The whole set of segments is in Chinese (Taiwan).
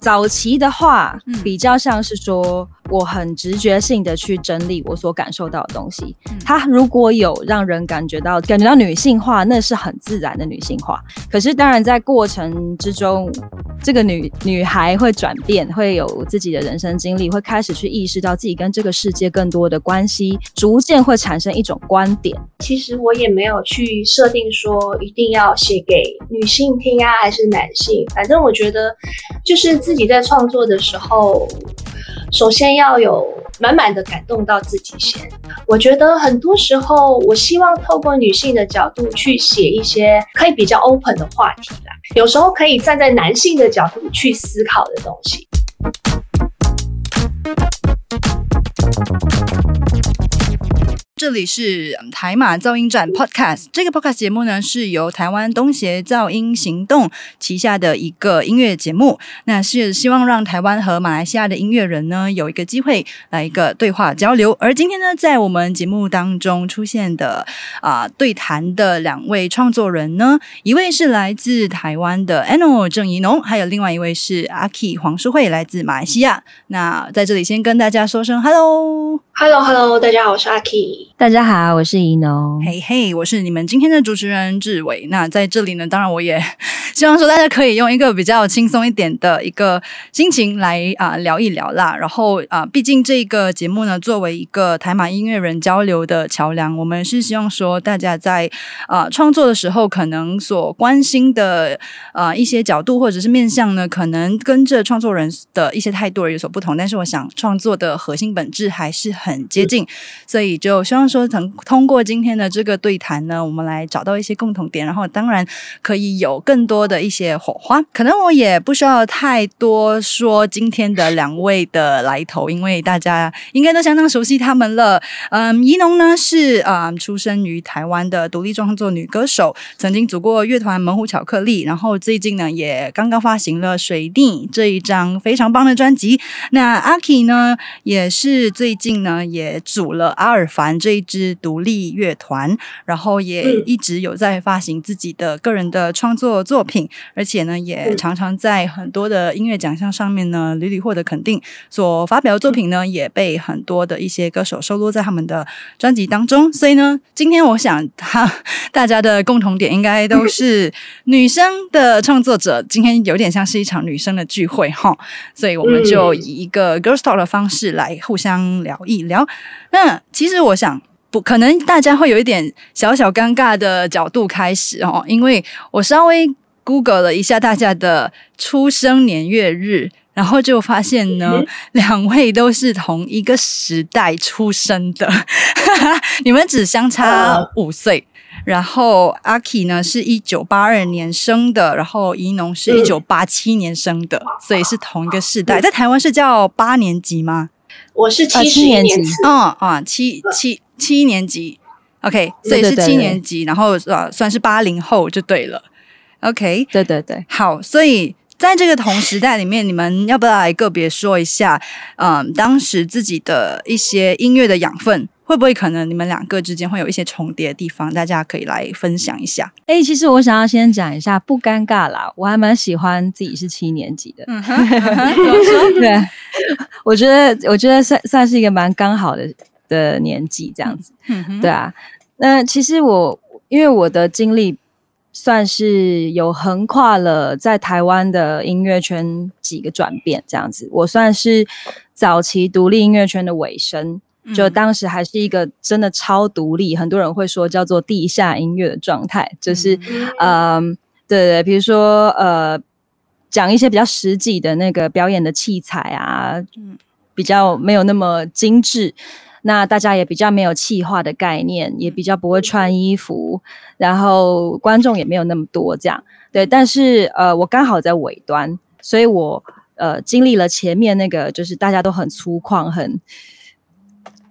早期的話，比較像是說，我很直覺性的去整理我所感受到的東西。它如果有讓人感覺到感覺到女性化，那是很自然的女性化。可是當然在過程之中。這個女女孩會轉變，會有自己的人生經歷，會開始去意識到自己跟這個世界更多的關係，逐漸會產生一種觀點。其實我也沒有去設定說一定要寫給女性聽啊，還是男性，反正我覺得就是自己在創作的時候。首先要有滿滿的感動到自己先。我覺得很多時候，我希望透過女性的角度去寫一些可以比較 open 的話題啦。有時候可以站在男性的角度去思考的東西。這裡是台馬噪音站 Podcast，這個 Podcast 節目呢是由台灣東協噪音行動旗下的一個音樂節目，那是希望讓台灣和馬來西亞的音樂人呢有一個機會來一個對話交流。而今天呢，在我們節目當中出現的啊、呃、對談的兩位創作人呢，一位是來自台灣的 Ano 鄭宜農，還有另外一位是 Aki 黃淑惠，來自馬來西亞。那在這裡先跟大家說聲 Hello，Hello，Hello，hello, hello, 大家好，我是 Aki。大家好，我是宜農，嘿嘿，我是你們今天的主持人志偉。那在這裡呢，當然我也希望說大家可以用一個比較輕鬆一點的一個心情來啊、呃、聊一聊啦。然後啊、呃，畢竟這個節目呢，作為一個台馬音樂人交流的橋梁，我們是希望說大家在啊、呃、創作的時候，可能所關心的啊、呃、一些角度或者是面向呢，可能跟著創作人的一些態度而有所不同。但是我想創作的核心本質還是很接近，嗯、所以就希望。說曾通過今天的這個對談呢，我們來找到一些共同點，然後當然可以有更多的一些火花。可能我也不需要太多說今天的兩位的來頭，因為大家應該都相當熟悉他們了。嗯，宜農呢是啊、嗯，出生於台灣的獨立創作女歌手，曾經組過樂團“猛虎巧克力”，然後最近呢也剛剛發行了《水逆》這一張非常棒的專輯。那阿 k 呢，也是最近呢也組了阿爾凡這一支獨立樂團，然後也一直有在發行自己的個人的創作作品，而且呢，也常常在很多的音樂獎項上面呢屢屢獲得肯定。所發表的作品呢，也被很多的一些歌手收錄在他們的專輯當中。所以呢，今天我想哈，大家的共同點應該都是女生的創作者。 今天有點像是一場女生的聚會哈，所以我們就以一個 girls talk 的方式來互相聊一聊。那其實我想。可能大家會有一點小小尷尬的角度開始哦，因為我稍微 Google 了一下大家的出生年月日，然後就發現呢，兩位都是同一個時代出生的，哈哈，你們只相差五歲、啊。然後阿 k 呢是1982年生的，然後宜農是1987年生的、嗯，所以是同一個世代。在台灣是叫八年級嗎？我是七年級。嗯、呃、啊，七七。七年級，OK，所以是七年級，對對對對，然後呃，算是八零後就對了，OK，對對對，好，所以在這個同時代裡面， 你們要不要來個別說一下，嗯，當時自己的一些音樂的養分，會不會可能你們兩個之間會有一些重疊的地方？大家可以來分享一下。誒、欸，其實我想要先講一下，不尷尬啦，我還蠻喜歡自己是七年級的，嗯，哼嗯哼 對，我覺得我覺得算算是一個蠻剛好的的年紀這樣子，嗯嗯，對啊。那其實我因為我的經歷算是有橫跨了在台灣的音樂圈幾個轉變這樣子。我算是早期獨立音樂圈的尾聲，就當時還是一個真的超獨立，嗯、很多人會說叫做地下音樂的狀態，就是嗯、呃、對、對對，比如說呃，講一些比較實際的那個表演的器材啊，比較沒有那麼精緻。那大家也比較沒有氣化的概念，也比較不會穿衣服，然後觀眾也沒有那麼多這樣。對，但是呃，我剛好在尾端，所以我呃經歷了前面那個，就是大家都很粗獷很。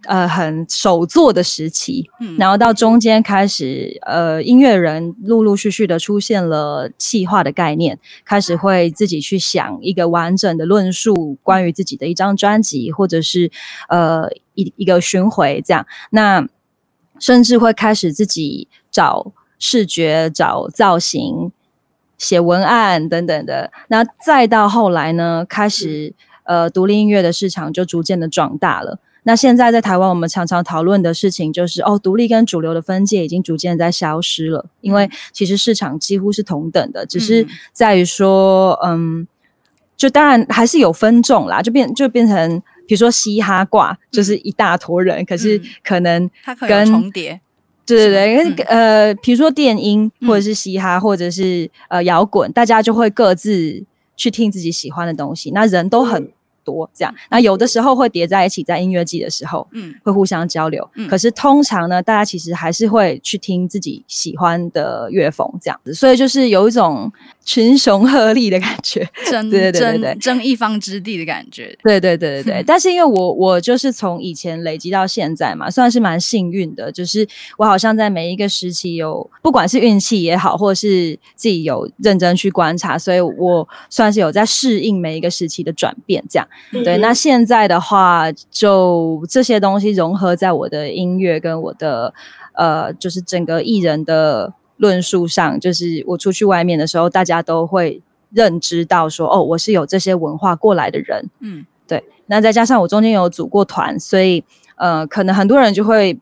呃，很手作的時期，嗯，然後到中間開始，呃，音樂人陸陸續續的出現了企劃的概念，開始會自己去想一個完整的論述關於自己的一張專輯，或者是呃一一個巡迴這樣，那甚至會開始自己找視覺、找造型、寫文案等等的，那再到後來呢，開始、嗯、呃，獨立音樂的市場就逐漸的壯大了。那現在在台灣，我們常常討論的事情就是，哦，獨立跟主流的分界已經逐漸在消失了，因為其實市場幾乎是同等的，嗯、只是在於說，嗯，就當然還是有分眾啦，就變就變成，比如說嘻哈掛、嗯，就是一大坨人，可是可能跟、嗯、可能重疊，對對對，嗯、呃，比如說電音或者是嘻哈或者是呃搖滾，大家就會各自去聽自己喜歡的東西，那人都很嗯多，這樣，那有的時候會疊在一起，在音樂季的時候，嗯，會互相交流。嗯，可是通常呢，大家其實還是會去聽自己喜歡的樂風，這樣子，所以就是有一種群雄鶴立的感覺，爭 對，對，對對對，爭一方之地的感覺，對對對對對。 但是因為我我就是從以前累積到現在嘛，算是蠻幸運的，就是我好像在每一個時期有，不管是運氣也好，或是自己有認真去觀察，所以我算是有在適應每一個時期的轉變，這樣。對，那現在的話，就這些東西融合在我的音樂跟我的，呃，就是整個藝人的論述上，就是我出去外面的時候，大家都會認知到說，哦，我是有這些文化過來的人。嗯，對。那再加上我中間有組過團，所以，呃，可能很多人就會，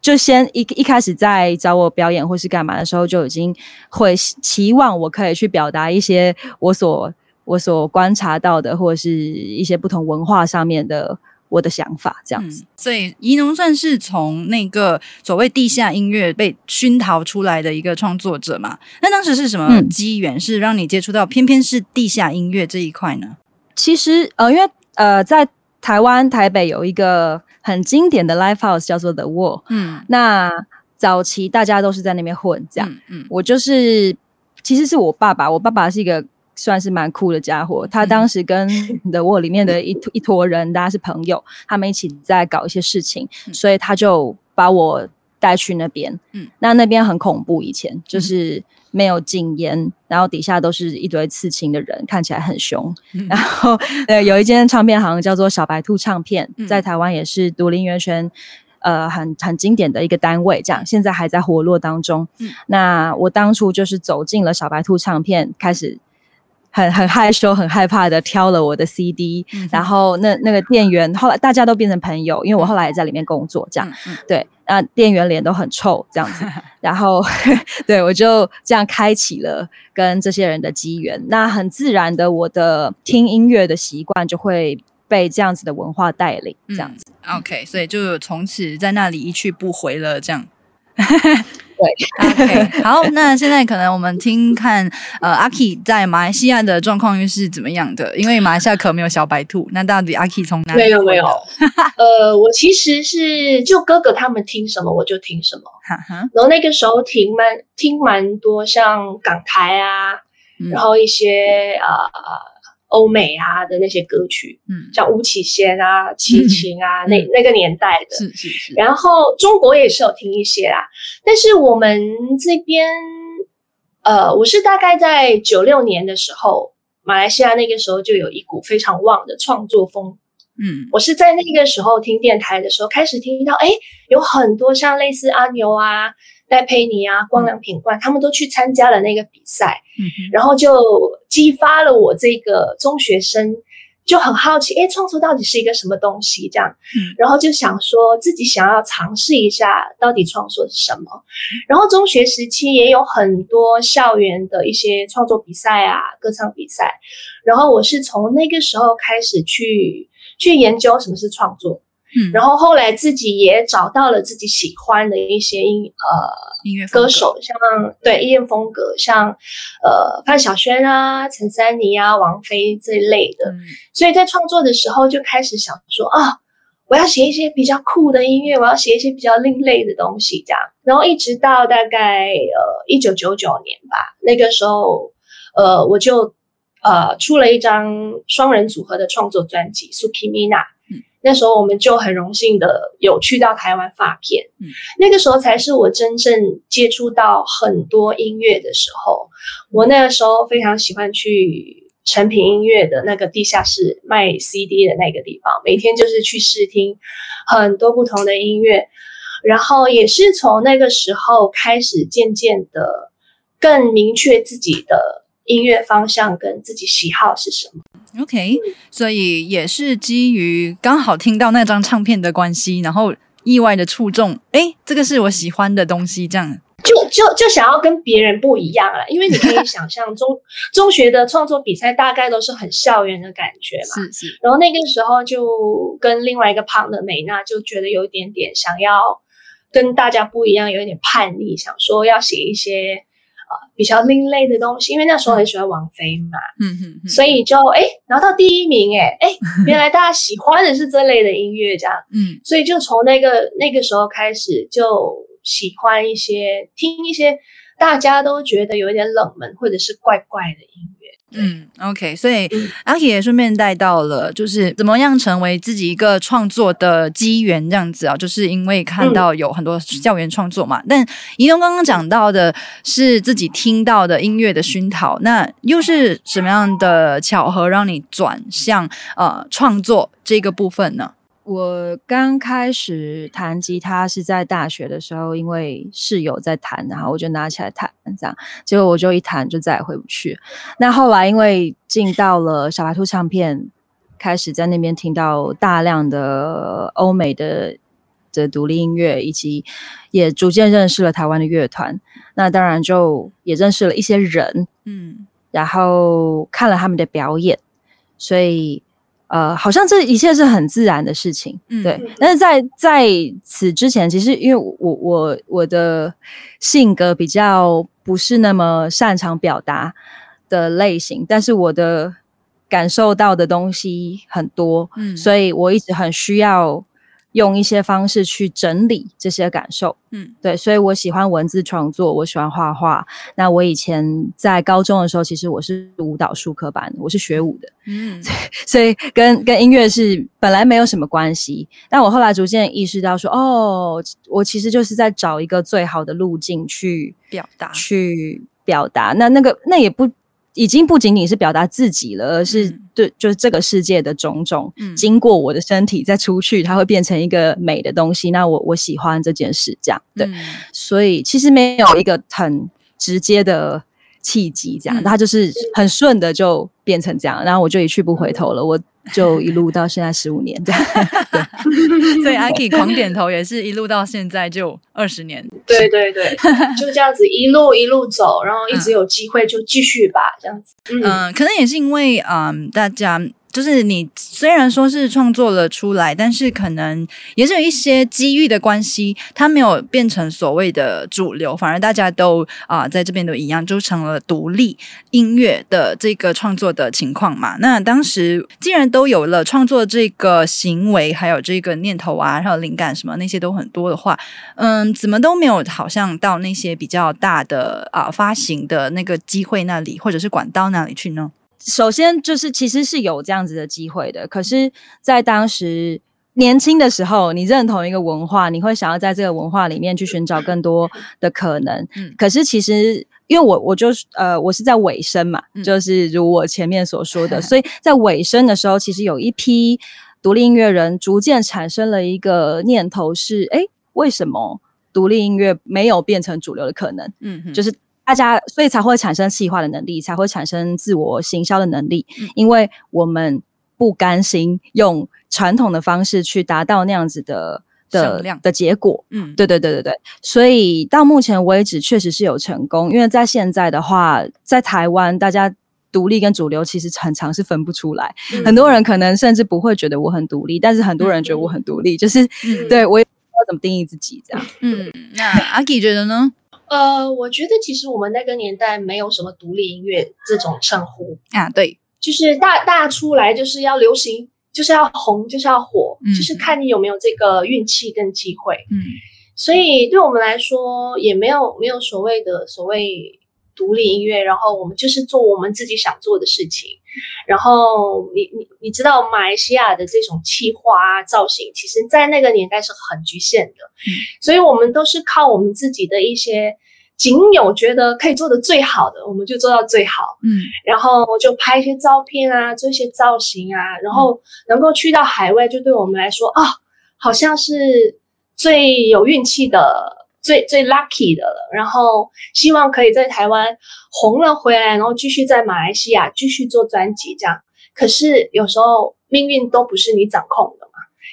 就先一一開始在找我表演或是幹嘛的時候，就已經會期望我可以去表達一些我所。我所觀察到的，或者是一些不同文化上面的我的想法，這樣子。嗯、所以宜農算是從那個所謂地下音樂被熏陶出來的一個創作者嘛。那當時是什麼機緣，嗯、是讓你接觸到偏偏是地下音樂這一塊呢？其實呃，因為呃，在台灣台北有一個很經典的 live house 叫做 The Wall。嗯，那早期大家都是在那邊混，這樣嗯。嗯。我就是，其實是我爸爸，我爸爸是一個。算是蠻酷的傢伙，嗯、他當時跟 The Wall 裡面的一坨、嗯、一，坨一坨人，大家是朋友，他們一起在搞一些事情，嗯、所以他就把我帶去那邊。嗯，那那邊很恐怖，以前就是沒有禁菸，然後底下都是一堆刺青的人，看起來很兇、嗯。然後，呃，有一間唱片行好像叫做小白兔唱片，在台灣也是獨立音樂圈，呃，很很經典的一個單位，這樣，現在還在活絡當中。嗯，那我當初就是走進了小白兔唱片，開始。很很害羞、很害怕的挑了我的 CD，、嗯、然後那那個店員後來大家都變成朋友，因為我後來也在裡面工作，這樣，嗯、對，那店員臉都很臭這樣子，然後 對我就這樣開啟了跟這些人的機緣，那很自然的我的聽音樂的習慣就會被這樣子的文化帶領，這樣子、嗯嗯、，OK，所以就從此在那裡一去不回了這樣。 對 ，OK，好，那現在可能我們聽看，呃，阿 K 在馬來西亞的狀況又是怎麼樣的？因為馬來西亞可沒有小白兔，那到底阿 K 從哪裡來 沒有沒有？呃，我其實是就哥哥他們聽什麼我就聽什麼， 然後那個時候聽蠻聽蠻多，像港台啊，嗯、然後一些呃。歐美啊的那些歌曲，嗯，像巫啟賢啊、齊秦啊，嗯、那那個年代的、嗯，是、是、是，然後中國也是有聽一些啦，但是我們這邊，呃，我是大概在九六年的時候，馬來西亞那個時候就有一股非常旺的創作風。嗯，我是在那個時候聽電台的時候，開始聽到，哎，有很多像類似阿牛啊、戴佩妮啊、光良、品冠，他們都去參加了那個比賽，嗯，然後就激發了我這個中學生，就很好奇，哎，創作到底是一個什麼東西這樣，嗯，然後就想說自己想要嘗試一下，到底創作是什麼。然後中學時期也有很多校園的一些創作比賽啊、歌唱比賽，然後我是從那個時候開始去。去研究什麼是創作，嗯，然後後來自己也找到了自己喜歡的一些音呃音樂歌手，像對音樂風格像呃范曉萱啊、陳珊妮啊、王菲這一類的。嗯，所以在創作的時候就開始想說啊，我要寫一些比較酷的音樂，我要寫一些比較另類的東西這樣，然後一直到大概呃一九九九年吧，那個時候呃我就。呃，出了一張雙人組合的創作專輯《Suki Mina》，嗯，那時候我們就很榮幸的有去到台灣發片，嗯，那個時候才是我真正接觸到很多音樂的時候。我那個時候非常喜歡去誠品音樂的那個地下室賣 CD 的那個地方，每天就是去試聽很多不同的音樂，然後也是從那個時候開始漸漸的更明確自己的。音樂方向跟自己喜好是什麼？OK，所以也是基於剛好聽到那張唱片的關係，然後意外的觸動。哎，這個是我喜歡的東西，這樣就就就想要跟別人不一樣了，因為你可以想象中 中學的創作比賽大概都是很校園的感覺嘛，是是。然後那個時候就跟另外一個胖的美娜，就覺得有一點點想要跟大家不一樣，有點叛逆，想說要寫一些。比較另類的東西，因為那時候很喜歡王菲嘛，嗯、哼哼，所以就哎、欸、拿到第一名。哎、欸、哎、欸，原來大家喜歡的是這類的音樂這樣，嗯，所以就從那個那個時候開始就喜歡一些聽一些大家都覺得有一點冷門或者是怪怪的音樂。嗯，OK，所以阿 K 也順便帶到了，就是怎麼樣成為自己一個創作的機緣這樣子啊，就是因為看到有很多校園創作嘛。但宜農剛剛講到的是自己聽到的音樂的熏陶，那又是什麼樣的巧合讓你轉向呃創作這個部分呢？我剛開始彈吉他是在大學的時候，因為室友在彈，然後我就拿起來彈，這樣，結果我就一彈就再也回不去。那後來因為進到了小白兔唱片，開始在那邊聽到大量的歐美的的獨立音樂，以及也逐漸認識了台灣的樂團。那當然就也認識了一些人，嗯，然後看了他們的表演，所以。呃，好像這一切是很自然的事情，嗯、對。但是在在此之前，其實因為我我我的性格比較不是那麼擅長表達的類型，但是我的感受到的東西很多，嗯，所以我一直很需要。用一些方式去整理這些感受，嗯，對，所以我喜歡文字創作，我喜歡畫畫。那我以前在高中的時候，其實我是舞蹈術科班，我是學舞的，嗯，所以，所以跟跟音樂是本來沒有什麼關係。但我後來逐漸意識到說，說哦，我其實就是在找一個最好的路徑去表達，去表達。那那個那也不。已經不僅僅是表達自己了，而是對、嗯、就是這個世界的種種、嗯，經過我的身體再出去，它會變成一個美的東西。那我我喜歡這件事，這樣對、嗯，所以其實沒有一個很直接的契機，這樣、嗯、它就是很順的就變成這樣，然後我就一去不回頭了。我。就一路到現在十五年，對， 對 所以 Aki 狂點頭，也是一路到現在就二十年， 對對對，就這樣子一路一路走，然後一直有機會就繼續吧，這樣子，嗯，呃、可能也是因為，嗯、呃，大家。就是你雖然說是創作了出來，但是可能也是有一些機遇的關係，它沒有變成所謂的主流，反而大家都啊、呃、在這邊都一樣，就成了獨立音樂的這個創作的情況嘛。那當時既然都有了創作這個行為，還有這個念頭啊，還有靈感什麼那些都很多的話，嗯，怎麼都沒有好像到那些比較大的啊、呃、發行的那個機會那裡，或者是管道那裡去呢？首先就是，其實是有這樣子的機會的。可是，在當時年輕的時候，你認同一個文化，你會想要在這個文化裡面去尋找更多的可能。嗯。可是，其實因為我，我就呃，我是在尾聲嘛、嗯，就是如我前面所說的，嗯、所以在尾聲的時候，其實有一批獨立音樂人逐漸產生了一個念頭：是，誒、欸，為什麼獨立音樂沒有變成主流的可能？嗯嗯。就是。大家所以才會產生企劃的能力，才會產生自我行銷的能力，嗯，因為我們不甘心用傳統的方式去達到那樣子的的的結果。嗯，對對對對對，所以到目前為止確實是有成功，因為在現在的話，在台灣大家獨立跟主流其實很常是分不出來，嗯，很多人可能甚至不會覺得我很獨立，但是很多人覺得我很獨立，嗯，就是，嗯、對我也不知道怎麼定義自己這樣嗯。嗯，那阿基覺得呢？ 呃，我覺得其實我們那個年代沒有什麼獨立音樂這種稱呼啊，對，就是大大出來就是要流行，就是要紅，就是要火，嗯，就是看你有沒有這個運氣跟機會，嗯，所以對我們來說也沒有沒有所謂的所謂獨立音樂，然後我們就是做我們自己想做的事情。然後你你你知道馬來西亞的這種企劃造型，其實在那個年代是很局限的，嗯，所以我們都是靠我們自己的一些僅有覺得可以做得最好的，我們就做到最好，嗯，然後就拍一些照片啊，做一些造型啊，然後能夠去到海外，就對我們來說啊，哦，好像是最有運氣的。最最 lucky 的了，然後希望可以在台灣紅了回來，然後繼續在馬來西亞繼續做專輯這樣。可是有時候命運都不是你掌控的嘛，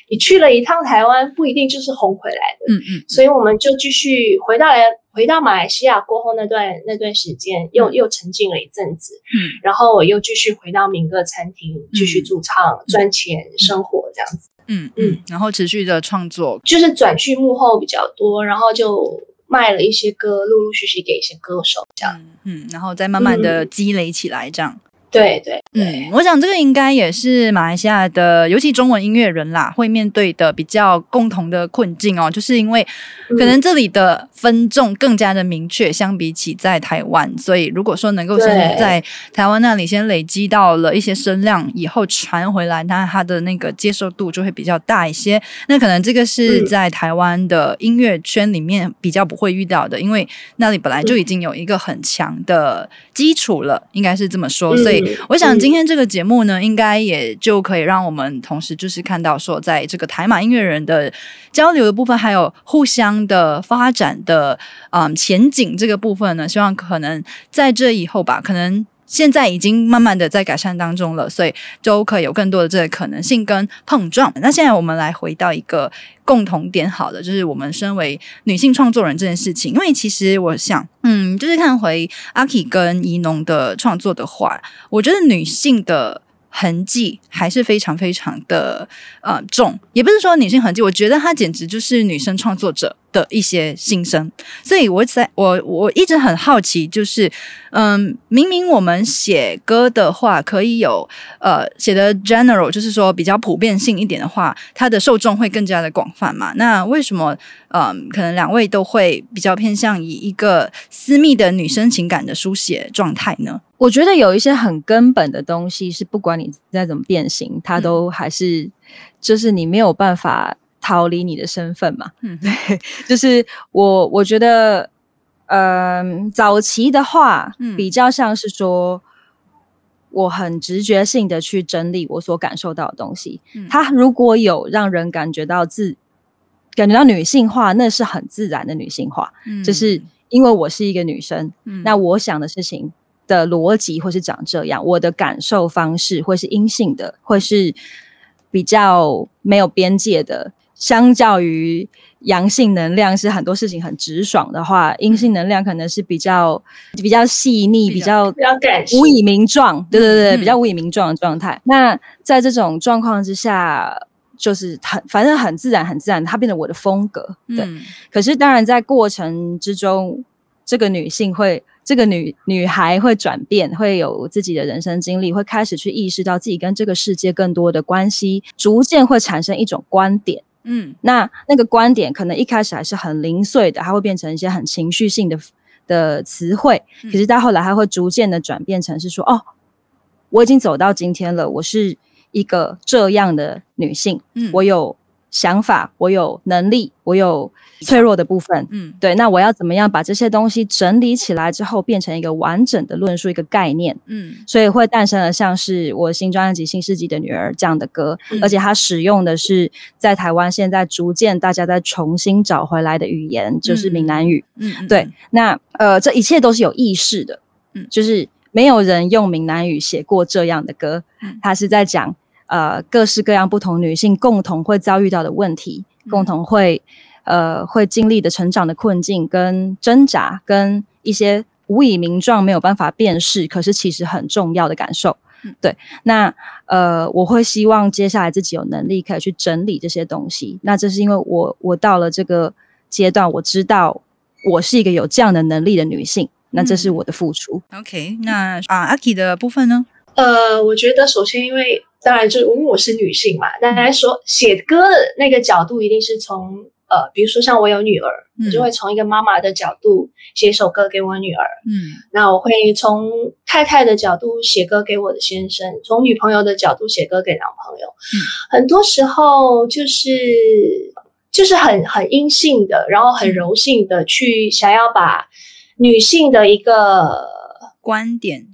你去了一趟台灣不一定就是紅回來的，嗯嗯。所以我們就繼續回到來回到馬來西亞過後那段那段時間又，又、嗯、又沉浸了一陣子，嗯。然後我又繼續回到民歌餐廳繼續駐唱、嗯、賺錢、嗯、生活這樣子。嗯嗯，然後持續的創作，就是轉去幕後比較多，然後就賣了一些歌，陸陸續續續給一些歌手這樣，嗯，然後再慢慢的積累起來這樣。嗯對對，對嗯，我想這個應該也是馬來西亞的尤其中文音樂人啦會面對的比較共同的困境哦，就是因為可能這裡的分眾更加的明確，相比起在台灣，所以如果說能夠先在，在台灣那裡先累積到了一些聲量，以後傳回來，那它的那個接受度就會比較大一些。那可能這個是在台灣的音樂圈裡面比較不會遇到的，因為那裡本來就已經有一個很強的基礎了，應該是這麼說，所以。我想今天這個節目呢，應該也就可以讓我們同時就是看到說，在這個台馬音樂人的交流的部分，還有互相的發展的嗯前景這個部分呢，希望可能在這以後吧，可能。現在已經慢慢的在改善當中了，所以就可以有更多的這個可能性跟碰撞。那現在我們來回到一個共同點，好的，就是我們身為女性創作人這件事情。因為其實我想，嗯，就是看回阿 Key 跟宜農的創作的話，我覺得女性的痕跡還是非常非常的呃重。也不是說女性痕跡，我覺得她簡直就是女生創作者。的一些心聲，所以我在我我一直很好奇，就是嗯，明明我們寫歌的話，可以有呃寫的 general，就是說比較普遍性一點的話，它的受眾會更加的廣泛嘛？那為什麼嗯，可能兩位都會比較偏向以一個私密的女生情感的書寫狀態呢？我覺得有一些很根本的東西是，不管你再怎麼變形，它都還是、嗯、就是你沒有辦法。逃離你的身份嘛？嗯，對，就是我，我覺得，嗯、呃，早期的話、嗯，比較像是說，我很直覺性的去整理我所感受到的東西。嗯，它如果有讓人感覺到自感覺到女性化，那是很自然的女性化。嗯，就是因為我是一個女生，嗯，那我想的事情的邏輯會是長這樣，我的感受方式會是陰性的，會是比較沒有邊界的。相較於陽性能量是很多事情很直爽的話，嗯、陰性能量可能是比較比較細膩、嗯嗯、比較無以名狀。對對對，比較無以名狀的狀態。那在這種狀況之下，就是很反正很自然、很自然，它變成我的風格、嗯。對，可是當然在過程之中，這個女性會、這個女女孩會轉變，會有自己的人生經歷，會開始去意識到自己跟這個世界更多的關係，逐漸會產生一種觀點。嗯，那那個觀點可能一開始還是很零碎的，它會變成一些很情緒性的的詞彙、嗯，可是到後來，它會逐漸的轉變成是說，哦，我已經走到今天了，我是一個這樣的女性，嗯，我有。想法，我有能力，我有脆弱的部分，嗯，對，那我要怎麼樣把這些東西整理起來之後，變成一個完整的論述，一個概念，嗯，所以會誕生了像是我新專輯《新世紀的女兒》這樣的歌，嗯、而且它使用的是在台灣現在逐漸大家在重新找回來的語言，嗯、就是閩南語，嗯，對，那呃，這一切都是有意識的，嗯，就是沒有人用閩南語寫過這樣的歌，他是在講。呃，各式各樣不同的女性，共同會遭遇到的問題，嗯、共同會呃會經歷的成長的困境跟掙扎，跟一些無以名狀、沒有辦法辨識，可是其實很重要的感受。嗯、對，那呃，我會希望接下來自己有能力可以去整理這些東西。那這是因為我我到了這個階段，我知道我是一個有這樣的能力的女性。那這是我的付出。嗯、OK，那、嗯、啊，阿 Key 的部分呢？呃，我覺得首先因為。當然就，就是因為我是女性嘛。那來說寫歌的那個角度，一定是從呃，比如說像我有女兒，嗯、我就會從一個媽媽的角度寫一首歌給我女兒。嗯，那我會從太太的角度寫歌給我的先生，從女朋友的角度寫歌給男朋友。嗯，很多時候就是就是很很陰性的，然後很柔性的去想要把女性的一個觀點。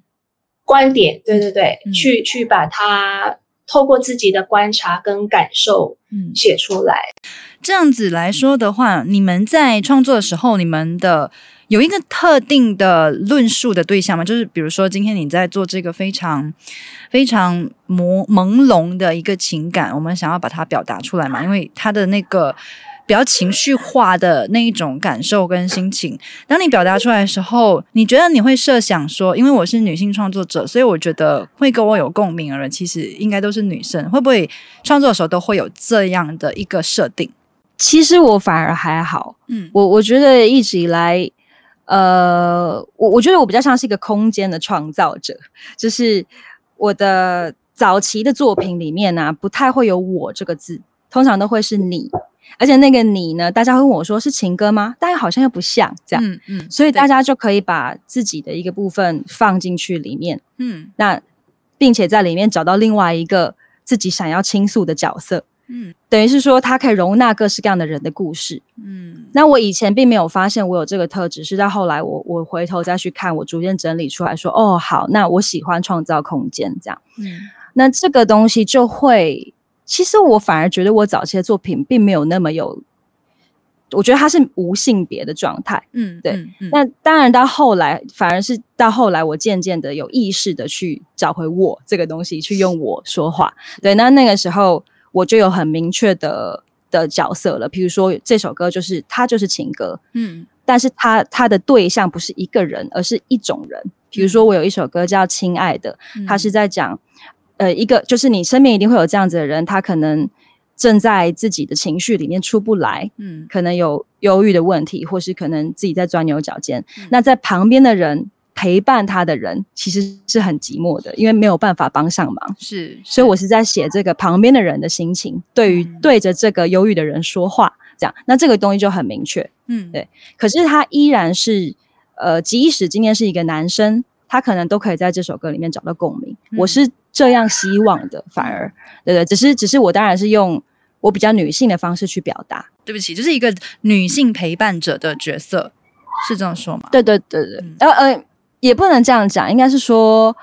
觀點對對對，嗯、去去把它透過自己的觀察跟感受寫出來。嗯、這樣子來說的話、嗯，你們在創作的時候，你們的有一個特定的論述的對象嗎？就是比如說，今天你在做這個非常非常朦朧的一個情感，我們想要把它表達出來嘛、嗯？因為它的那個。比較情緒化的那一種感受跟心情，當你表達出來的時候，你覺得你會設想說，因為我是女性創作者，所以我覺得會跟我有共鳴的人，其實應該都是女生。會不會創作的時候都會有這樣的一個設定？其實我反而還好，嗯，我我覺得一直以來，呃，我我覺得我比較像是一個空間的創造者，就是我的早期的作品裡面呢、啊，不太會有“我”這個字，通常都會是你。而且那個你呢？大家會問我說是情歌嗎？大家好像又不像這樣，嗯嗯，所以大家就可以把自己的一個部分放進去裡面，嗯，那並且在裡面找到另外一個自己想要傾訴的角色，嗯，等於是說它可以容納各式各樣的人的故事，嗯，那我以前並沒有發現我有這個特質，是在後來我我回頭再去看，我逐漸整理出來說，哦，好，那我喜歡創造空間這樣，嗯，那這個東西就會。其實我反而覺得我早期的作品並沒有那麼有，我覺得它是無性別的狀態。嗯，對。嗯嗯、那當然到後來，反而是到後來，我漸漸的有意識的去找回我這個東西，去用我說話。嗯、對，那那個時候我就有很明確的的角色了。比如說這首歌就是他就是情歌，嗯，但是他他的對象不是一個人，而是一種人。比如說我有一首歌叫《親愛的》，他、嗯、是在講。呃，一個就是你身邊一定會有這樣子的人，他可能正在自己的情緒裡面出不來，嗯，可能有憂鬱的問題，或是可能自己在鑽牛角尖。嗯、那在旁邊的人陪伴他的人，其實是很寂寞的，因為沒有辦法幫上忙。是。是，所以我是在寫這個旁邊的人的心情，啊、對於對着這個憂鬱的人說話、嗯，這樣，那這個東西就很明確，嗯，對。可是他依然是，呃，即使今天是一個男生，他可能都可以在這首歌裡面找到共鳴。嗯、我是。這樣希望的，反而對對，只是只是我當然是用我比較女性的方式去表達。對不起，就是一個女性陪伴者的角色，嗯、是這樣說嗎？對對對對，嗯、呃呃，也不能這樣講，應該是說，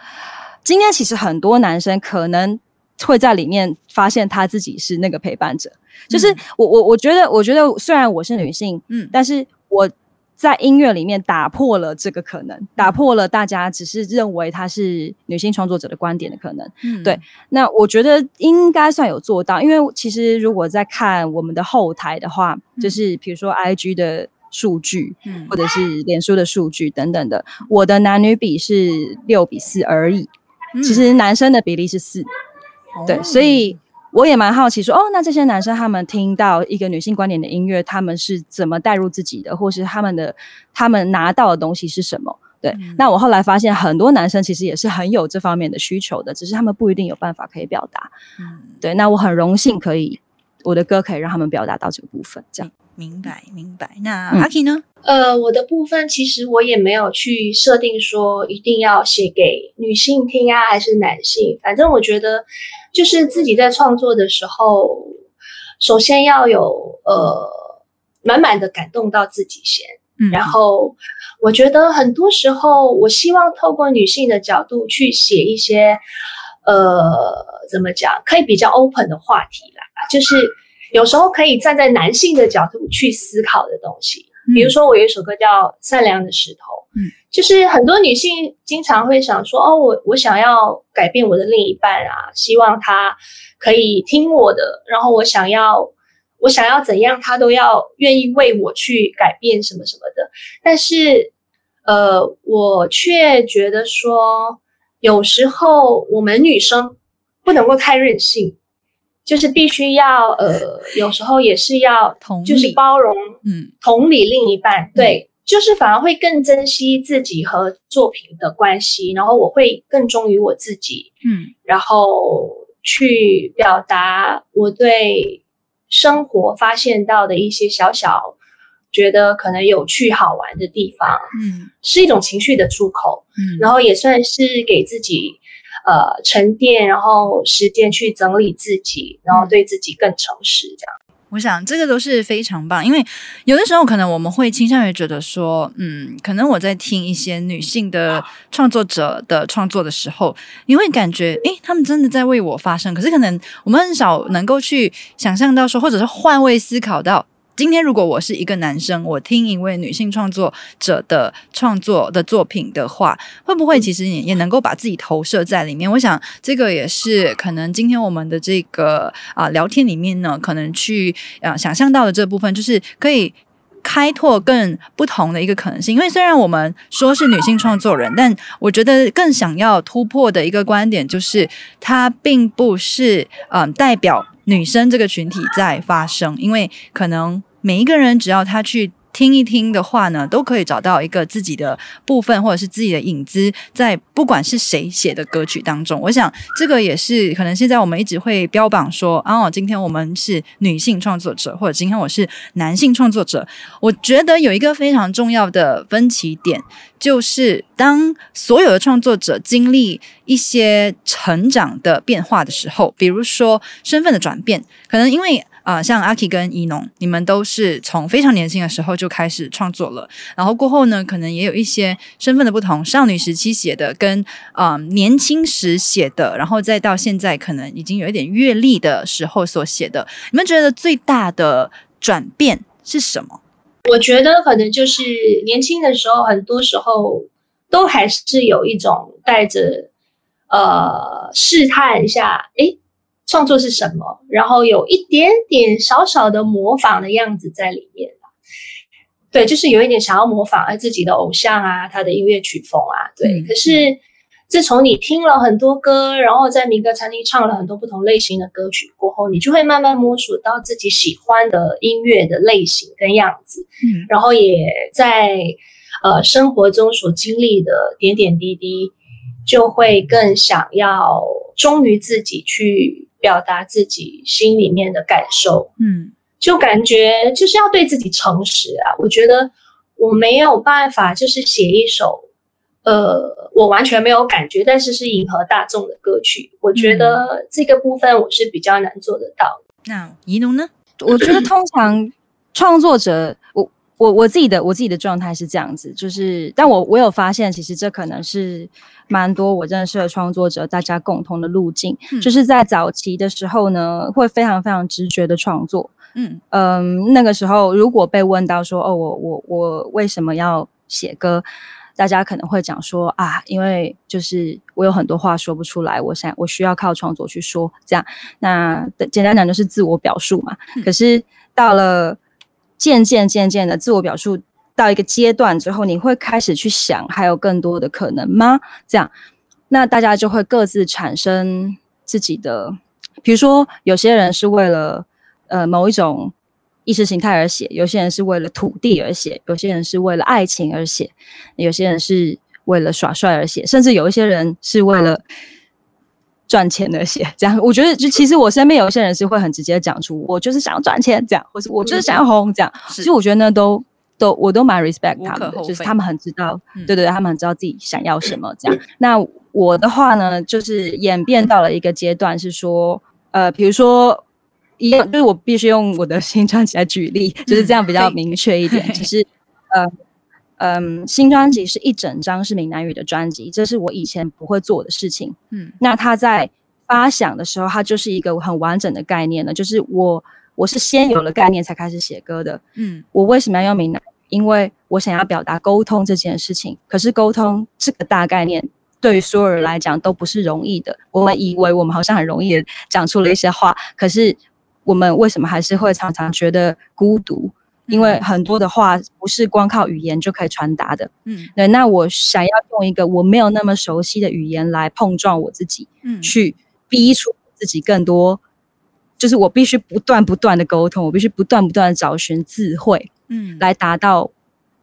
今天其實很多男生可能會在裡面發現他自己是那個陪伴者，嗯、就是我我我覺得我覺得雖然我是女性，嗯，但是我。在音樂裡面打破了這個可能，打破了大家只是認為她是女性創作者的觀點的可能。嗯，對。那我覺得應該算有做到，因為其實如果在看我們的後台的話，嗯、就是比如說 IG 的數據、嗯，或者是臉書的數據等等的，我的男女比是六比四而已、嗯。其實男生的比例是四、哦，對，所以。我也蠻好奇說，說哦，那這些男生他們聽到一個女性觀點的音樂，他們是怎麼帶入自己的，或是他們的，他們拿到的東西是什麼？對、嗯，那我後來發現很多男生其實也是很有這方面的需求的，只是他們不一定有辦法可以表達。嗯、對，那我很榮幸可以，我的歌可以讓他們表達到這個部分，這樣。明白，明白。那阿 Key 呢、嗯？呃，我的部分其實我也沒有去設定說一定要寫給女性聽啊，還是男性。反正我覺得，就是自己在創作的時候，首先要有呃滿滿的感動到自己先、嗯。然後我覺得很多時候，我希望透過女性的角度去寫一些呃怎麼講，可以比較 open 的話題啦，就是。有時候可以站在男性的角度去思考的東西，比如說我有一首歌叫《善良的石頭》，嗯，就是很多女性經常會想說，哦，我我想要改變我的另一半啊，希望他可以聽我的，然後我想要我想要怎樣，他都要願意為我去改變什麼什麼的。但是，呃，我卻覺得說，有時候我們女生不能夠太任性。就是必須要，呃，有時候也是要，就是包容，嗯，同理另一半，對，嗯，就是反而會更珍惜自己和作品的關係，然後我會更忠於我自己，嗯，然後去表達我對生活發現到的一些小小覺得可能有趣好玩的地方，嗯，是一種情緒的出口，嗯，然後也算是給自己。呃，沉澱，然後時間去整理自己，然後對自己更誠實，這樣。我想這個都是非常棒，因為有的時候可能我們會傾向於覺得說，嗯，可能我在聽一些女性的創作者的創作的時候，你會感覺，誒，他們真的在為我發聲。可是可能我們很少能夠去想象到說，或者是換位思考到。今天，如果我是一個男生，我聽一位女性創作者的創作的作品的話，會不會其實你也能夠把自己投射在裡面？我想，這個也是可能今天我們的這個啊、呃、聊天裡面呢，可能去啊、呃、想象到的這部分，就是可以開拓更不同的一個可能性。因為雖然我們說是女性創作人，但我覺得更想要突破的一個觀點就是，它並不是嗯、呃、代表。女生這個群體在發聲，因為可能每一個人只要他去。聽一聽的話呢，都可以找到一個自己的部分，或者是自己的影子，在不管是誰寫的歌曲當中。我想，這個也是可能現在我們一直會標榜說啊、哦，今天我們是女性創作者，或者今天我是男性創作者。我覺得有一個非常重要的分歧點，就是當所有的創作者經歷一些成長的變化的時候，比如說身份的轉變，可能因為。啊、呃，像阿 K 跟宜農，你們都是從非常年輕的時候就開始創作了，然後過後呢，可能也有一些身份的不同，少女時期寫的跟啊、呃，年輕時寫的，然後再到現在可能已經有一點閱歷的時候所寫的，你們覺得最大的轉變是什麼？我覺得可能就是年輕的時候，很多時候都還是有一種帶着呃試探一下，哎。創作是什麼？然後有一點點小小的模仿的樣子在裡面，對，就是有一點想要模仿愛、呃、自己的偶像啊，他的音樂曲風啊，對。嗯、可是自從你聽了很多歌，然後在民歌餐廳唱了很多不同類型的歌曲過後，你就會慢慢摸索到自己喜歡的音樂的類型跟樣子，嗯，然後也在呃生活中所經歷的點點滴滴，就會更想要忠於自己去表達自己心裡面的感受，嗯，就感覺就是要對自己誠實啊。我覺得我沒有辦法，就是寫一首，呃，我完全沒有感覺，但是是迎合大眾的歌曲。我覺得這個部分我是比較難做得到。那宜農呢？我覺得通常創作者。我我自己的我自己的狀態是這樣子，就是，但我我有發現，其實這可能是蠻多我認識的創作者大家共同的路徑，嗯、就是在早期的時候呢，會非常非常直覺的創作，嗯嗯、呃，那個時候如果被問到說，哦，我我我為什麼要寫歌，大家可能會講說啊，因為就是我有很多話說不出來，我想我需要靠創作去說，這樣，那簡單講就是自我表述嘛。嗯、可是到了。漸漸漸漸的自我表述到一個階段之後，你會開始去想，還有更多的可能嗎？這樣，那大家就會各自產生自己的。比如說，有些人是為了呃某一種意識形態而寫，有些人是為了土地而寫，有些人是為了愛情而寫，有些人是為了耍帥而寫，甚至有一些人是為了。嗯賺錢的些，這樣，我覺得就其實我身邊有一些人是會很直接講出，我就是想要賺錢這樣，或是我就是想要紅、紅這樣，嗯。其實我覺得呢，都都我都蠻 respect 他們，就是他們很知道，嗯、對，對對，他們很知道自己想要什麼這樣。嗯、那我的話呢，就是演變到了一個階段，是說，呃，比如說一樣，就是我必須用我的新專輯來舉例，嗯、就是這樣比較明確一點，嗯、就是呃。嗯，新專輯是一整張是閩南語的專輯，這是我以前不會做的事情。嗯，那他在發想的時候，他就是一個很完整的概念呢。就是我，我是先有了概念才開始寫歌的。嗯，我為什麽要用閩南？因為我想要表達溝通這件事情。可是溝通這個大概念，對於所有人來講都不是容易的。我們以為我們好像很容易講出了一些話，可是我們為什麽還是會常常覺得孤獨？因為很多的話不是光靠語言就可以傳達的，嗯，對。那我想要用一個我沒有那麼熟悉的語言來碰撞我自己，嗯，去逼出自己更多，就是我必須不斷不斷的溝通，我必須不斷不斷的找尋智慧，嗯，來達到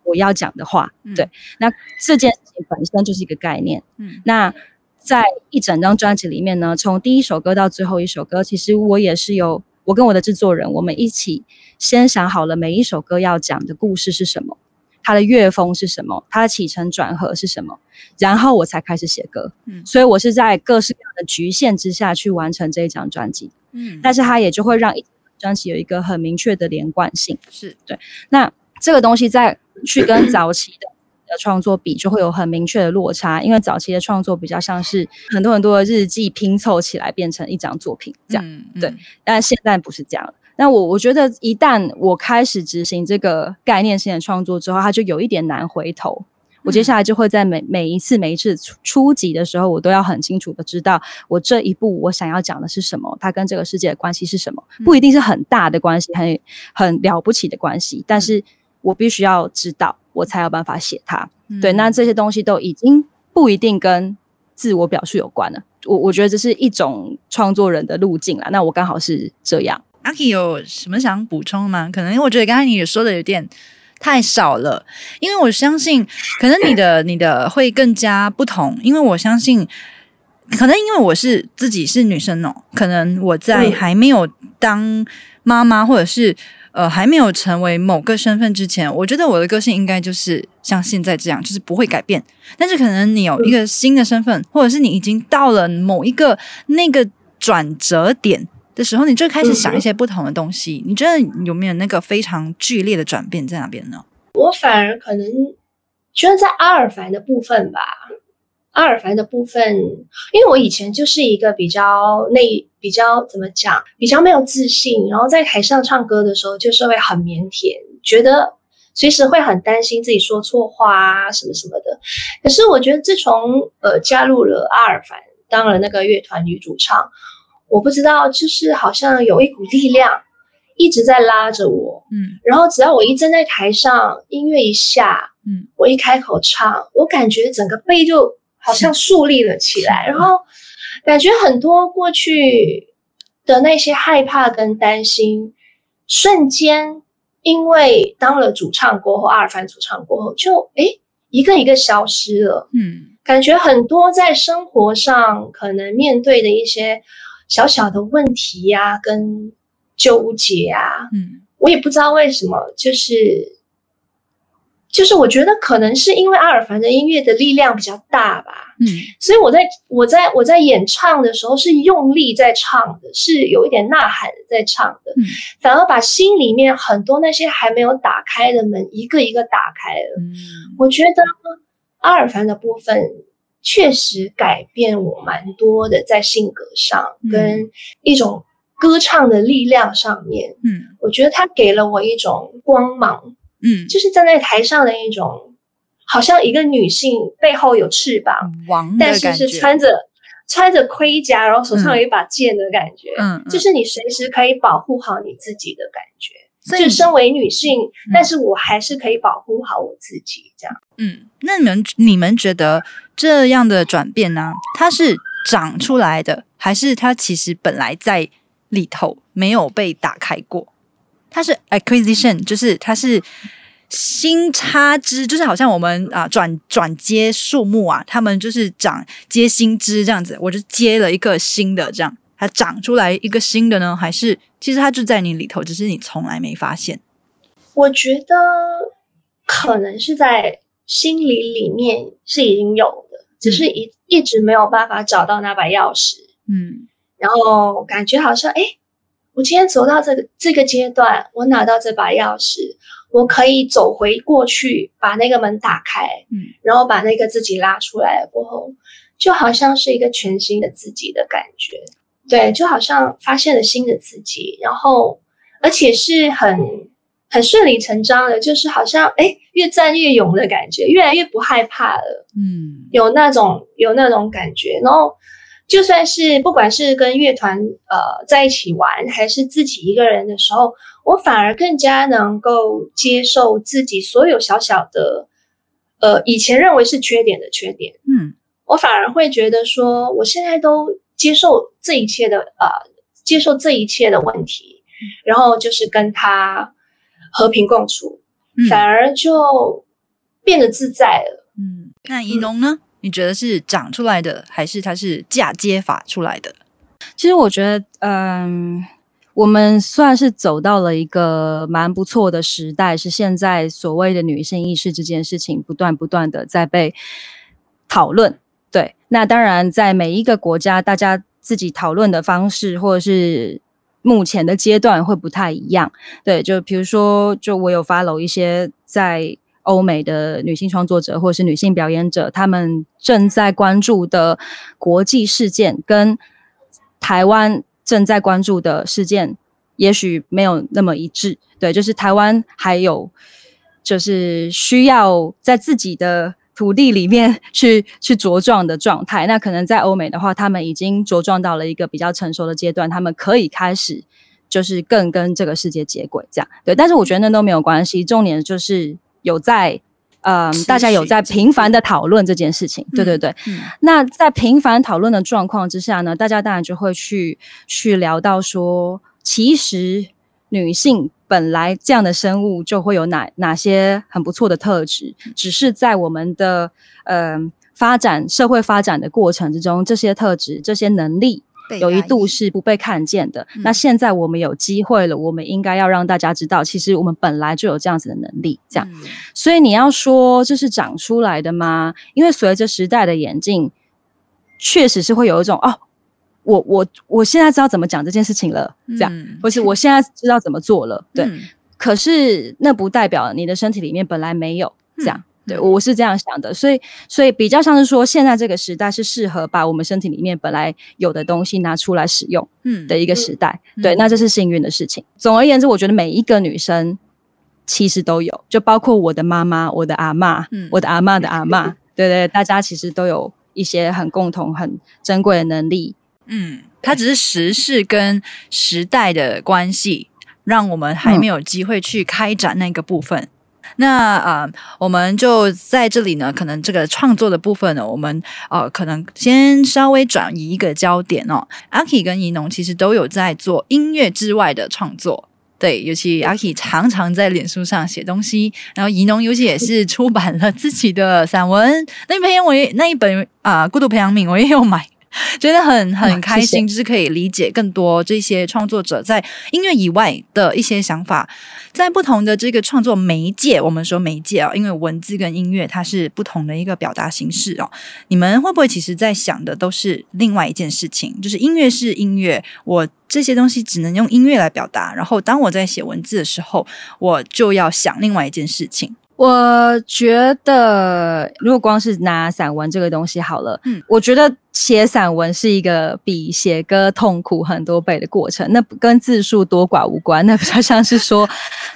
我要講的話，嗯、對。那這件事情本身就是一個概念，嗯。那在一整張專輯裡面呢，從第一首歌到最後一首歌，其實我也是有。我跟我的製作人，我們一起先想好了每一首歌要講的故事是什麼，它的樂風是什麼，它的起承轉合是什麼，然後我才開始寫歌。嗯，所以我是在各式各樣的局限之下去完成這一張專輯。嗯，但是它也就會讓一張專輯有一個很明確的連貫性。是對，那這個東西在去跟早期的。 創作比就會有很明確的落差，因為早期的創作比較像是很多很多的日記拼湊起來變成一張作品這樣、嗯嗯，對。但現在不是這樣。那我我覺得一旦我開始執行這個概念性的創作之後，它就有一點難回頭。嗯、我接下來就會在每每一次每一次初初級的時候，我都要很清楚的知道我這一步我想要講的是什麼，它跟這個世界的關係是什麼，不一定是很大的關係，很很了不起的關係，但是我必須要知道。我才有辦法寫它，嗯，對，那這些東西都已經不一定跟自我表述有關了。我我覺得這是一種創作人的路徑了。那我剛好是這樣。阿，啊，K 有什麼想補充嗎？可能因為我覺得剛才你也說的有點太少了，因為我相信可能你的你的會更加不同。因為我相信，可能因為我是自己是女生哦，喔，可能我在還沒有當媽媽或者是，呃，還沒有成為某個身份之前，我覺得我的個性應該就是像現在這樣，就是不會改變。但是可能你有一個新的身份，嗯、或者是你已經到了某一個那個轉折點的時候，你就開始想一些不同的東西、嗯。你覺得有沒有那個非常劇烈的轉變在哪邊呢？我反而可能覺得在阿爾凡的部分吧，阿爾凡的部分，因為我以前就是一個比較內。比較怎麼講？比較沒有自信，然後在台上唱歌的時候，就是會很靦腆，覺得隨時會很擔心自己說錯話啊，什麼什麼的。可是我覺得自從呃加入了阿爾凡，當了那個樂團女主唱，我不知道，就是好像有一股力量一直在拉着我，嗯。然後只要我一站在台上，音樂一下，嗯，我一開口唱，我感覺整個背就好像豎立了起來，然後。感覺很多過去的那些害怕跟擔心，瞬間因為當了主唱過後，阿爾凡主唱過後，就，哎，一個一個消失了。嗯，感覺很多在生活上可能面對的一些小小的問題呀跟糾結呀，嗯，我也不知道為什麼，就是就是我覺得可能是因為阿爾凡的音樂的力量比較大吧。嗯，所以我在，我在我在演唱的時候是用力在唱的，是有一點吶喊在唱的，嗯，反而把心裡面很多那些還沒有打開的門一個一個打開了。嗯，我覺得阿爾凡的部分確實改變我蠻多的，在性格上，嗯，跟一種歌唱的力量上面，嗯，我覺得他給了我一種光芒，嗯，就是站在台上的一種。好像一個女性背後有翅膀，王，但是是穿着穿着盔甲，然後手上有一把劍的感覺，嗯，就是你隨時可以保護好你自己的感覺。嗯，所以，身為女性，嗯，但是我還是可以保護好我自己。這樣，嗯，那你們你們覺得這樣的轉變呢？它是長出來的，還是它其實本來在裡頭沒有被打開過？它是 acquisition，就是它是。新插枝，就是好像我們啊，轉轉接樹木啊，他們就是長接新枝這樣子，我就接了一個新的，這樣它長出來一個新的呢？還是其實它就在你裡頭，只是你從來沒發現？我覺得可能是在心理裡面是已經有的，只是一一直沒有辦法找到那把鑰匙。嗯，然後感覺好像哎，我今天走到這個這個階段，我拿到這把鑰匙。我可以走回過去，把那個門打開，嗯，然後把那個自己拉出來過後，就好像是一個全新的自己的感覺，對，就好像發現了新的自己，然後而且是很很順理成章的，就是好像誒越戰越勇的感覺，越來越不害怕了，嗯，有那種有那種感覺，然後就算是不管是跟樂團呃在一起玩，還是自己一個人的時候。我反而更加能夠接受自己所有小小的，呃，以前認為是缺點的缺點，嗯，我反而會覺得說，我現在都接受這一切的，呃，接受這一切的問題，嗯、然後就是跟他和平共處、嗯，反而就變得自在了。嗯，那宜農呢、嗯？你覺得是長出來的，還是它是嫁接法出來的？其實我覺得，嗯、呃。我們算是走到了一個蠻不錯的時代，是現在所謂的女性意識這件事情不斷不斷的在被討論。對，那當然在每一個國家，大家自己討論的方式或者是目前的階段會不太一樣。對，就比如說，就我有 follow 一些在歐美的女性創作者或者是女性表演者，他們正在關注的國際事件跟台灣。正在關注的事件，也許沒有那麼一致。對，就是台灣還有，就是需要在自己的土地裡面去去茁壯的狀態。那可能在歐美的話，他們已經茁壯到了一個比較成熟的階段，他們可以開始就是更跟這個世界接軌。這樣，對，但是我覺得那都沒有關係，重點就是有在。嗯、呃，大家有在頻繁的討論這件事情，對，對對對、嗯嗯。那在頻繁討論的狀況之下呢，大家當然就會去去聊到說，其實女性本來這樣的生物就會有哪哪些很不錯的特質，嗯、只是在我們的嗯、呃、發展社會發展的過程之中，這些特質這些能力。有一度是不被看見的、嗯，那現在我們有機會了，我們應該要讓大家知道，其實我們本來就有這樣子的能力。這樣，嗯、所以你要說這是長出來的嗎？因為隨着時代的演進，確實是會有一種哦，我我我現在知道怎麼講這件事情了，這樣，而、嗯、且我現在知道怎麼做了。嗯、對、嗯，可是那不代表你的身體裡面本來沒有這樣。嗯對，我是這樣想的，所以，所以比較像是說，現在這個時代是適合把我們身體裡面本來有的東西拿出來使用，嗯，的一個時代，嗯、對、嗯，那這是幸運的事情。總而言之，我覺得每一個女生其實都有，就包括我的媽媽、我的阿嬤、嗯、我的阿嬤、嗯、的阿嬤，對對，大家其實都有一些很共同、很珍貴的能力，嗯，它只是時事跟時代的關係、嗯，讓我們還沒有機會去開展那個部分。那啊、呃，我們就在這裡呢。可能這個創作的部分呢，我們呃，可能先稍微轉移一個焦點哦。阿 K 跟怡農其實都有在做音樂之外的創作，對，尤其阿 K 常常在臉書上寫東西，然後怡農尤其也是出版了自己的散文。 那篇我那一本啊、呃《孤獨培養皿》，我也有買。 真的很很開心，就是可以理解更多這些創作者在音樂以外的一些想法，在不同的這個創作媒介，我們說媒介啊、哦，因為文字跟音樂它是不同的一個表達形式哦。你們會不會其實在想的都是另外一件事情？就是音樂是音樂，我這些東西只能用音樂來表達。然後當我在寫文字的時候，我就要想另外一件事情。我覺得，如果光是拿散文這個東西好了，嗯，我覺得寫散文是一個比寫歌痛苦很多倍的過程。那跟字數多寡無關，那比較像是說，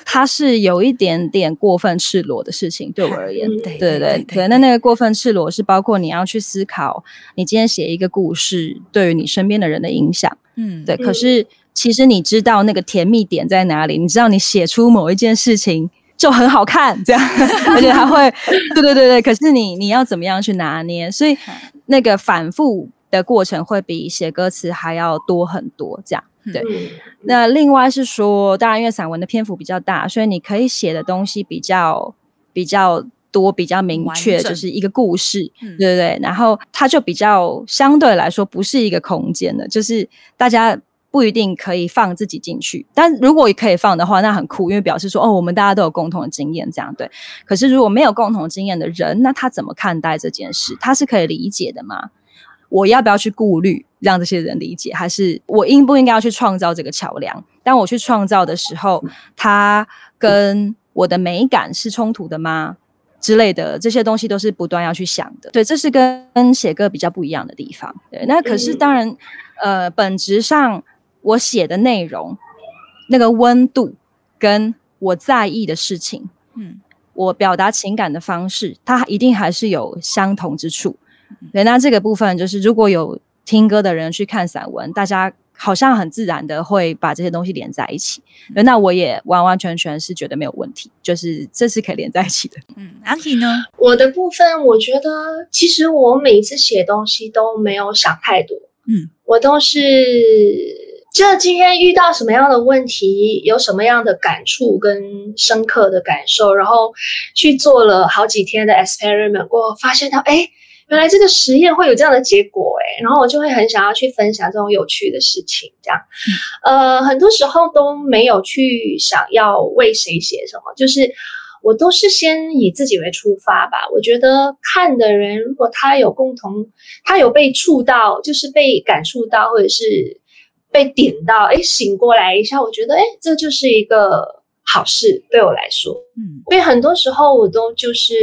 它是有一點點過分赤裸的事情，對我而言，對對對對， 對，對，對，對， 對。那那個過分赤裸是包括你要去思考，你今天寫一個故事對於你身邊的人的影響，嗯，對。可是其實你知道那個甜蜜點在哪裡，你知道你寫出某一件事情，就很好看，這樣， 而且還會，對對對對。可是你你要怎麼樣去拿捏？所以那個反覆的過程會比寫歌詞還要多很多，這樣。對，嗯、那另外是說，當然因為散文的篇幅比較大，所以你可以寫的東西比較比較多，比較明確，就是一個故事，對不對、嗯？然後它就比較相對來說不是一個空間的，就是大家。不一定可以放自己進去，但如果也可以放的話，那很酷，因為表示說哦，我們大家都有共同的經驗，這樣對。可是如果沒有共同經驗的人，那他怎麼看待這件事？他是可以理解的嗎？我要不要去顧慮讓這些人理解，還是我應不應該要去創造這個橋樑？當我去創造的時候，它跟我的美感是衝突的嗎？之類的這些東西都是不斷要去想的。對，這是跟跟寫歌比較不一樣的地方。對，那可是當然，嗯、呃，本質上。我寫的內容，那個溫度，跟我在意的事情，嗯，我表達情感的方式，它一定還是有相同之處。對、嗯，那這個部分就是，如果有聽歌的人去看散文，大家好像很自然的會把這些東西連在一起、嗯。那我也完完全全是覺得沒有問題，就是這是可以連在一起的。嗯，安迪呢？我的部分，我覺得其實我每一次寫東西都沒有想太多，嗯，我都是。就今天遇到什麼樣的問題，有什麼樣的感觸跟深刻的感受，然後去做了好幾天的 experiment 過後，發現到哎，原來這個實驗會有這樣的結果哎、欸，然後我就會很想要去分享這種有趣的事情，這樣、嗯，呃，很多時候都沒有去想要為誰寫什麼，就是我都是先以自己為出發吧。我覺得看的人，如果他有共同，他有被觸到，就是被感觸到，或者是。被點到，哎、欸，醒過來一下，我覺得，哎、欸，這就是一個好事，對我來說，嗯，因為很多時候我都就是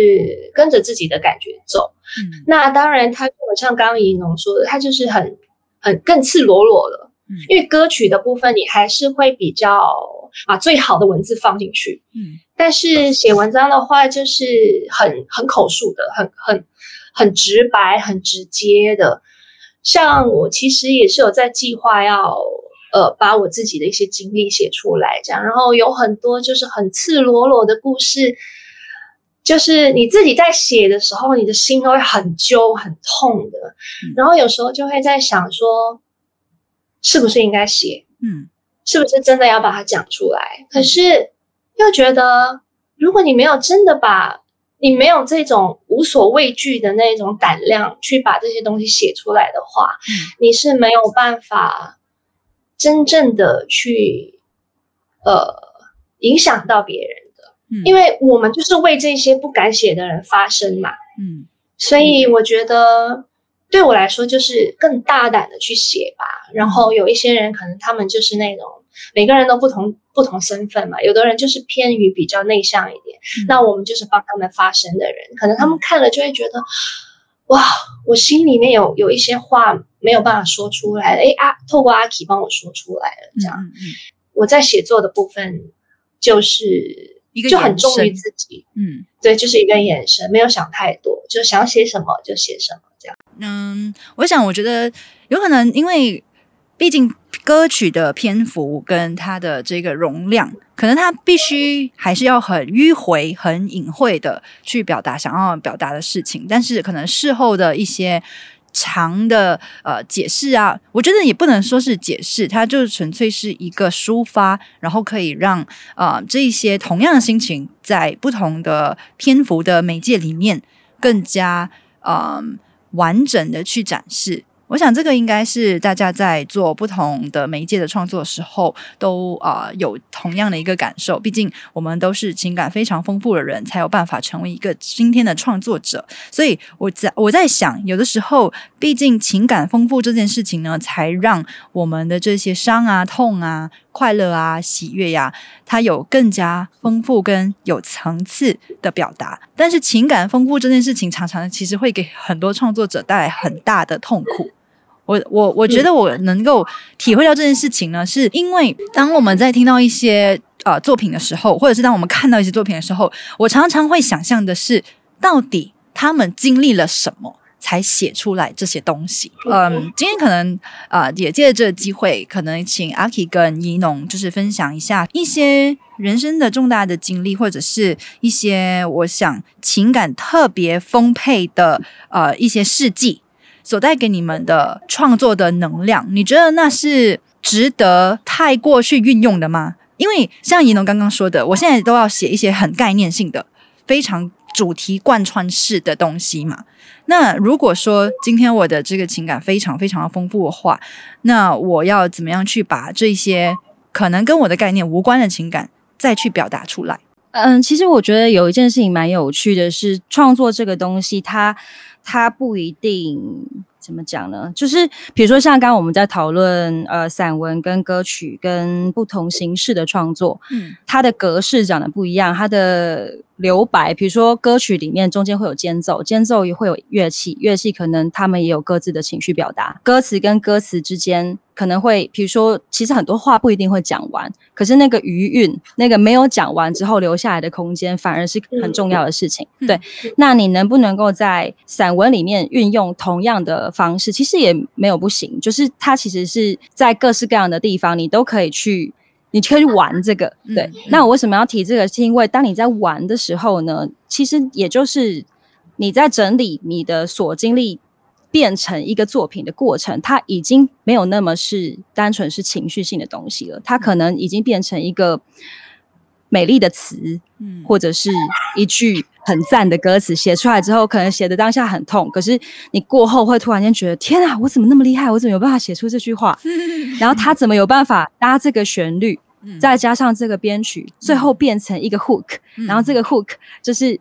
跟着自己的感覺走，嗯，那當然他，跟我像剛剛宜農說的，他就是很很更赤裸裸了，嗯，因為歌曲的部分你還是會比較把、啊、最好的文字放進去，嗯，但是寫文章的話就是很很口述的，很很很直白，很直接的。像我其實也是有在計劃要，呃，把我自己的一些經歷寫出來，這樣。然後有很多就是很赤裸裸的故事，就是你自己在寫的時候，你的心都會很揪、很痛的，嗯。然後有時候就會在想說，是不是應該寫？嗯，是不是真的要把它講出來？嗯，可是又覺得，如果你沒有真的把。你沒有這種無所畏懼的那種膽量去把這些東西寫出來的話，嗯、你是沒有辦法真正的去呃影響到別人的、嗯。因為我們就是為這些不敢寫的人發聲嘛。嗯，所以我覺得對我來說就是更大膽的去寫吧。然後有一些人可能他們就是那種。每個人都不同，不同身份嘛。有的人就是偏於比較內向一點，嗯，那我們就是幫他們發聲的人。可能他們看了就會覺得，哇，我心裡面有有一些話沒有辦法說出來，哎啊，透過阿 K 幫我說出來了。這樣，嗯嗯，我在寫作的部分就是一個就很忠於自己，嗯，對，就是一個眼神，沒有想太多，就想寫什麼就寫什麼，這樣。嗯，我想，我覺得有可能，因為畢竟。歌曲的篇幅跟它的這個容量，可能它必須還是要很迂迴、很隱晦的去表達想要表達的事情。但是，可能事後的一些長的呃解釋啊，我覺得也不能說是解釋，它就純粹是一個抒發，然後可以讓啊、呃、這一些同樣的心情在不同的篇幅的媒介裡面更加嗯、呃、完整的去展示。我想這個應該是大家在做不同的媒介的創作的時候，都啊有同樣的一個感受。畢竟我們都是情感非常豐富的人，才有辦法成為一個今天的創作者。所以，我在我在想，有的時候，畢竟情感豐富這件事情呢，才讓我們的這些傷啊、痛啊、快樂啊、喜悅呀，它有更加豐富跟有層次的表達。但是，情感豐富這件事情，常常其實會給很多創作者帶來很大的痛苦。我我我覺得我能夠體會到這件事情呢，是因為當我們在聽到一些呃作品的時候，或者是當我們看到一些作品的時候，我常常會想象的是，到底他們經歷了什麼才寫出來這些東西。嗯，今天可能啊，呃，也借着這個機會，可能請阿 K 跟宜農就是分享一下一些人生的重大的經歷，或者是一些我想情感特別豐沛的呃一些事跡。所帶給你們的創作的能量，你覺得那是值得太過去運用的嗎？因為像宜農剛剛說的，我現在都要寫一些很概念性的、非常主題貫穿式的東西嘛。那如果說今天我的這個情感非常非常豐富的話，那我要怎麼樣去把這些可能跟我的概念無關的情感再去表達出來？嗯，其實我覺得有一件事情蠻有趣的是，是創作這個東西它。它不一定怎麼講呢？就是比如說像剛剛我們在討論呃散文跟歌曲跟不同形式的創作，嗯，它的格式講的不一樣，它的留白，比如說歌曲裡面中間會有間奏，間奏也會有樂器，樂器可能他們也有各自的情緒表達，歌詞跟歌詞之間。可能會，比如說，其實很多話不一定會講完，可是那個餘韻，那個沒有講完之後留下來的空間，反而是很重要的事情。嗯、對、嗯，那你能不能夠在散文裡面運用同樣的方式？其實也沒有不行，就是它其實是在各式各樣的地方，你都可以去，你可以去玩這個。嗯、對、嗯，那我為什麼要提這個？是因為當你在玩的時候呢，其實也就是你在整理你的所經歷。變成一個作品的過程，它已經沒有那麼是單純是情緒性的東西了。它可能已經變成一個美麗的詞，嗯，或者是一句很讚的歌詞。寫出來之後，可能寫的當下很痛，可是你過後會突然間覺得，天啊，我怎麼那麼厲害？我怎麼有辦法寫出這句話？然後他怎麼有辦法搭這個旋律，再加上這個編曲，最後變成一個 hook。然後這個 hook 就是。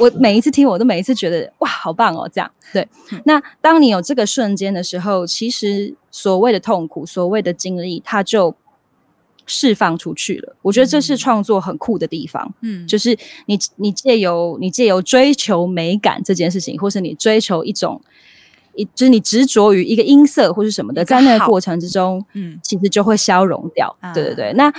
我每一次聽，我都每一次覺得哇，好棒哦！這樣對。嗯、那當你有這個瞬間的時候，其實所謂的痛苦、所謂的經歷，它就釋放出去了。我覺得這是創作很酷的地方。嗯，就是你，你借由你借由追求美感這件事情，或是你追求一種一，就是你執着於一個音色或是什麼的，在那個過程之中，嗯，其實就會消融掉。啊、對對對。那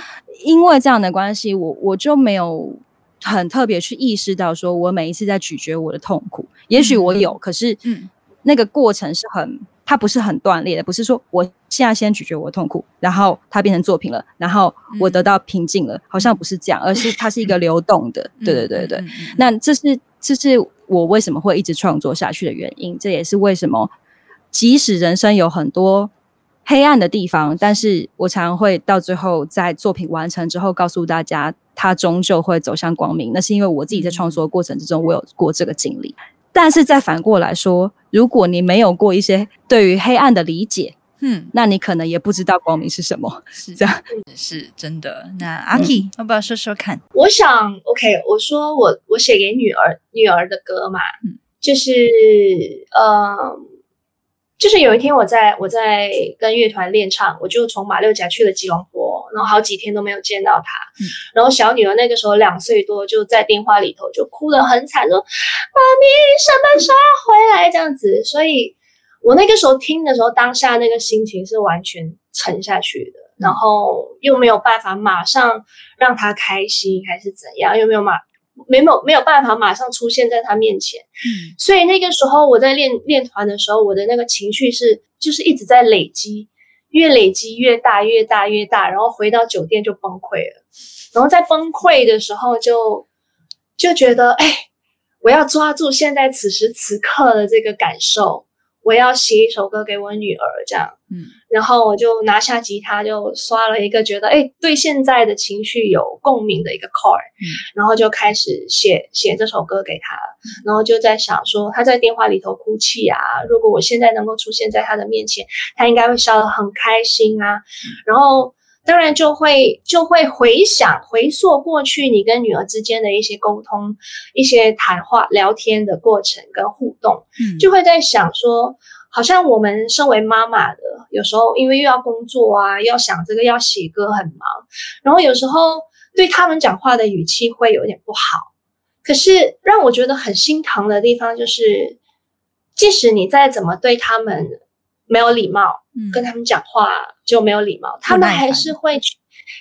因為這樣的關係，我我就沒有。很特別去意識到，說我每一次在咀嚼我的痛苦，也許我有，可是，嗯，那個過程是很，它不是很斷裂的，不是說我現在先咀嚼我的痛苦，然後它變成作品了，然後我得到平靜了。嗯，好像不是這樣，而是它是一個流動的， 對對對對。那這是，這是我為什麼會一直創作下去的原因，這也是為什麼，即使人生有很多黑暗的地方，但是我常常會到最後在作品完成之後告訴大家，它終究會走向光明。那是因為我自己在創作過程之中，我有過這個經歷。但是，再反過來說，如果你沒有過一些對於黑暗的理解，哼、嗯，那你可能也不知道光明是什麼，是這樣，是，是真的。那、嗯、阿 K，要不要說說看？我想，OK，我說我我寫給女兒女兒的歌嘛，就是呃。就是有一天，我在我在跟樂團練唱，我就從馬六甲去了吉隆坡，然後好幾天都沒有見到他。嗯、然後小女兒那個時候兩歲多，就在電話裡頭就哭得很慘，說：“媽咪什麼時候要回來？”這樣子。所以我那個時候聽的時候，當下那個心情是完全沉下去的，然後又沒有辦法馬上讓她開心，還是怎樣，又沒有馬。沒有沒有辦法馬上出現在他面前，嗯，所以那個時候我在練練團的時候，我的那個情緒是就是一直在累積，越累積越大，越大越大，然後回到酒店就崩潰了，然後在崩潰的時候就就覺得，哎，我要抓住現在此時此刻的這個感受。我要寫一首歌給我女兒，這樣，嗯，然後我就拿下吉他，就刷了一個覺得，誒、欸、對現在的情緒有共鳴的一個 c a r e 然後就開始寫寫這首歌給她，然後就在想說她在電話裡頭哭泣啊，如果我現在能夠出現在她的面前，她應該會笑得很開心啊，嗯、然後。當然就會就會回想回溯過去你跟女兒之間的一些溝通、一些談話、聊天的過程跟互動，嗯，就會在想說，好像我們身為媽媽的，有時候因為又要工作啊，要想這個要寫歌很忙，然後有時候對他們講話的語氣會有點不好。可是讓我覺得很心疼的地方就是，即使你再怎麼對他們沒有禮貌。跟他們講話就沒有禮貌，他們還是會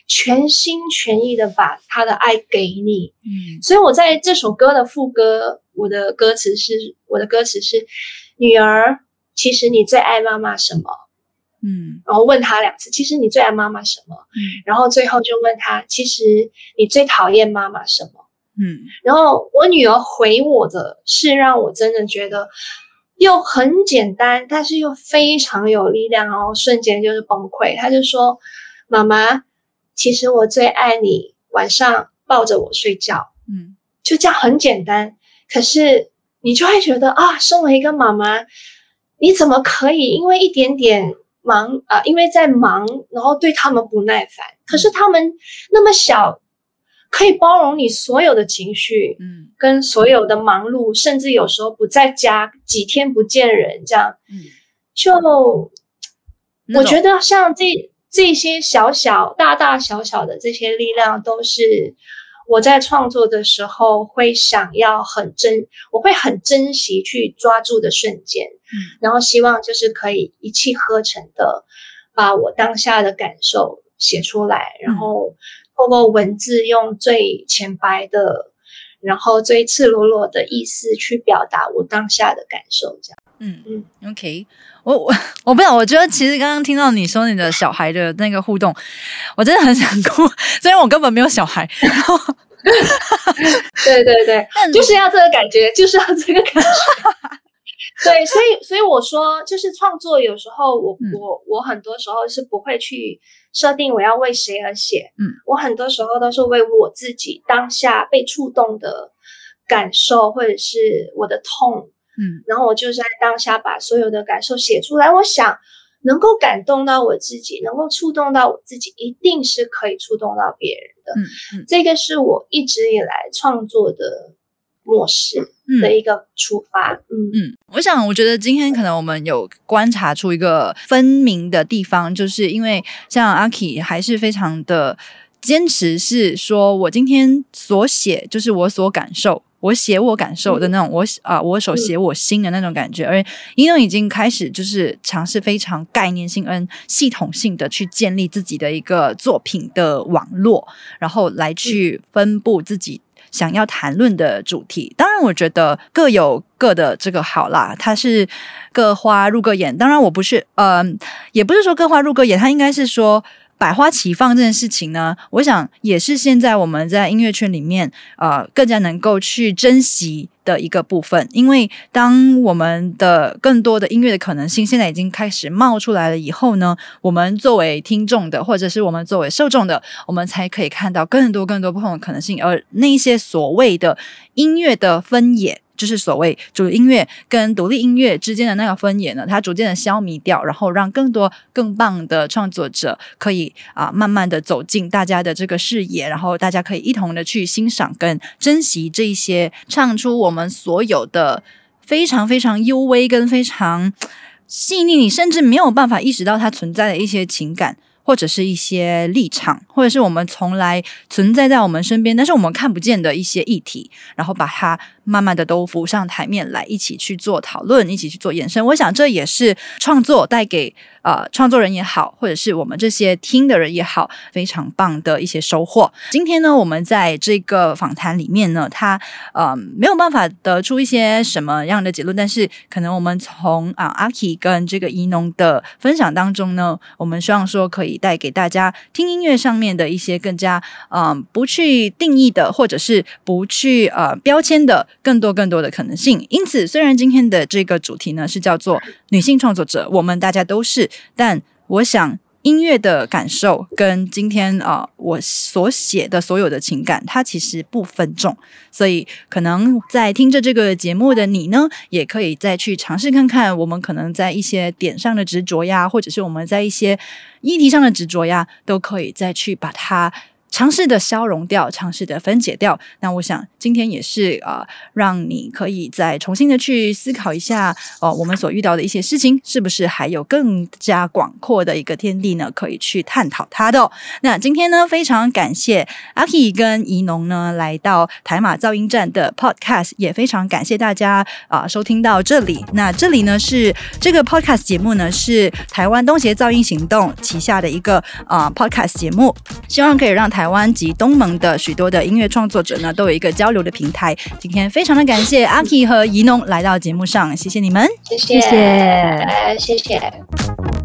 全心全意的把他的愛給你。嗯，所以我在這首歌的副歌，我的歌詞是：我的歌詞是，女兒，其實你最愛媽媽什麼？嗯，然後問她兩次，其實你最愛媽媽什麼？嗯，然後最後就問她，其實你最討厭媽媽什麼？嗯，然後我女兒回我的是，讓我真的覺得。又很簡單，但是又非常有力量，然後瞬間就是崩潰。他就說：“媽媽，其實我最愛你，晚上抱着我睡覺，嗯，就這樣很簡單。可是你就會覺得啊，身為一個媽媽，你怎麼可以因為一點點忙啊、呃，因為在忙，然後對他們不耐煩？可是他們那麼小。”可以包容你所有的情緒，嗯，跟所有的忙碌，嗯，甚至有時候不在家幾天不見人這樣，嗯，就我覺得像這這些小小大大小小的這些力量，都是我在創作的時候會想要很珍，我會很珍惜去抓住的瞬間，嗯，然後希望就是可以一氣呵成的把我當下的感受寫出來，嗯，然後。通過文字，用最淺白的，然後最赤裸裸的意思去表達我當下的感受，這樣。嗯嗯，OK 我，我我我不想，我覺得其實剛剛聽到你說你的小孩的那個互動，我真的很想哭。雖然我根本沒有小孩。 對對對，就是要這個感覺，就是要這個感覺。 對，所以，所以我說，就是創作有時候我、嗯，我我我很多時候是不會去設定我要為誰而寫，嗯，我很多時候都是為我自己當下被觸動的感受，或者是我的痛，嗯，然後我就是在當下把所有的感受寫出來。我想能夠感動到我自己，能夠觸動到我自己，一定是可以觸動到別人的。嗯，嗯，這個是我一直以來創作的模式，嗯，的一個出發，嗯嗯，我想，我覺得今天可能我們有觀察出一個分明的地方，就是因為像阿 K 還是非常的堅持，是說我今天所寫就是我所感受，我寫我感受的那種，嗯、我啊、呃，我手寫我心的那種感覺，嗯、而宜農已經開始就是嘗試非常概念性、跟系統性的去建立自己的一個作品的網絡，然後來去分布自己。想要談論的主題，當然我覺得各有各的這個好啦，它是各花入各眼。當然，我不是，嗯、呃，也不是說各花入各眼，它應該是說百花齊放這件事情呢。我想也是現在我們在音樂圈裡面，呃，更加能夠去珍惜的一個部分，因為當我們的更多的音樂的可能性現在已經開始冒出來了以後呢，我們作為聽眾的，或者是我們作為受眾的，我們才可以看到更多更多不同的可能性，而那些所謂的音樂的分野，就是所謂主流音樂跟獨立音樂之間的那個分野呢，它逐漸的消弭掉，然後讓更多更棒的創作者可以啊、呃，慢慢的走進大家的這個視野，然後大家可以一同的去欣賞跟珍惜這一些唱出我們所有的非常非常幽微跟非常細膩，你甚至沒有辦法意識到它存在的一些情感，或者是一些立場，或者是我們從來存在在我們身邊，但是我們看不見的一些議題，然後把它慢慢的都浮上台面來，一起去做討論，一起去做延伸。我想這也是創作帶給呃創作人也好，或者是我們這些聽的人也好，非常棒的一些收穫。今天呢，我們在這個訪談裡面呢，他呃沒有辦法得出一些什麼樣的結論，但是可能我們從啊阿 K 跟這個宜農的分享當中呢，我們希望說可以帶給大家聽音樂上面的一些更加嗯、呃、不去定義的，或者是不去呃標籤的。更多更多的可能性。因此，雖然今天的這個主題呢，是叫做女性創作者，我們大家都是，但我想音樂的感受跟今天啊、呃、我所寫的所有的情感，它其實不分重。所以，可能在聽着這個節目的你呢，也可以再去嘗試看看，我們可能在一些點上的執着呀，或者是我們在一些議題上的執着呀，都可以再去把它嘗試的消融掉，嘗試的分解掉。那我想。今天也是啊、呃，讓你可以再重新的去思考一下哦、呃，我們所遇到的一些事情，是不是還有更加廣闊的一個天地呢？可以去探討它的、哦。那今天呢，非常感謝阿 K 跟宜農呢來到台馬噪音站的 Podcast，也非常感謝大家啊、呃、收聽到這裡。那這裡呢是這個 Podcast 節目呢是台灣東協噪音行動旗下的一個啊、呃、Podcast 節目，希望可以讓台灣及東盟的許多的音樂創作者呢都有一個交。的平台，今天非常的感謝阿 k 和怡農來到節目上，謝謝你們，謝謝，謝謝。謝謝。